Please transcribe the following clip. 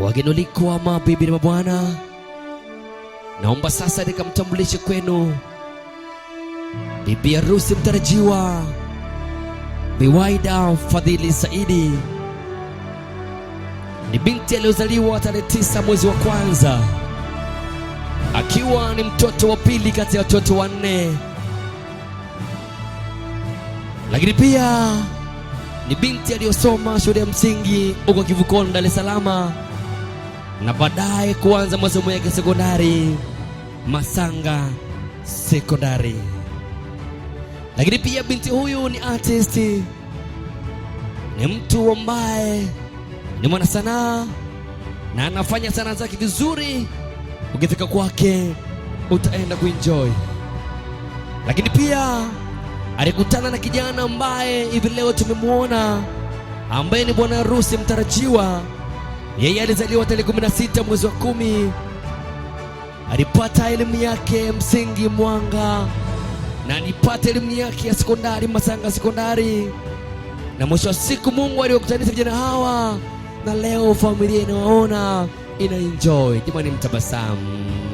Wageni walikuwa mabibi na mabwana, naomba sasa nikamtambulishe kwenu bibi harusi mtarajiwa Biwaida Fadhili Saidi. Ni binti aliyozaliwa tarehe tisa mwezi wa kwanza akiwa ni mtoto wa pili kati ya watoto wanne, lakini pia ni binti aliyosoma shule ya msingi huko Kivukoni, Dar es Salaam na baadaye kuanza masomo yake sekondari Masanga Sekondari. Lakini pia binti huyu ni artist, ni mtu ambaye ni mwanasanaa na anafanya sanaa zake vizuri. Ukifika kwake utaenda kuenjoy. Lakini pia alikutana na kijana ambaye hivi leo tumemwona, ambaye ni bwana harusi mtarajiwa yeye alizaliwa tarehe 16 mwezi wa kumi. Alipata elimu yake msingi Mwanga, na alipata elimu yake ya sekondari Masanga sekondari, na mwisho wa siku Mungu aliwakutanisha vijana hawa, na leo familia inawaona ina enjoy. Jamani, mtabasamu.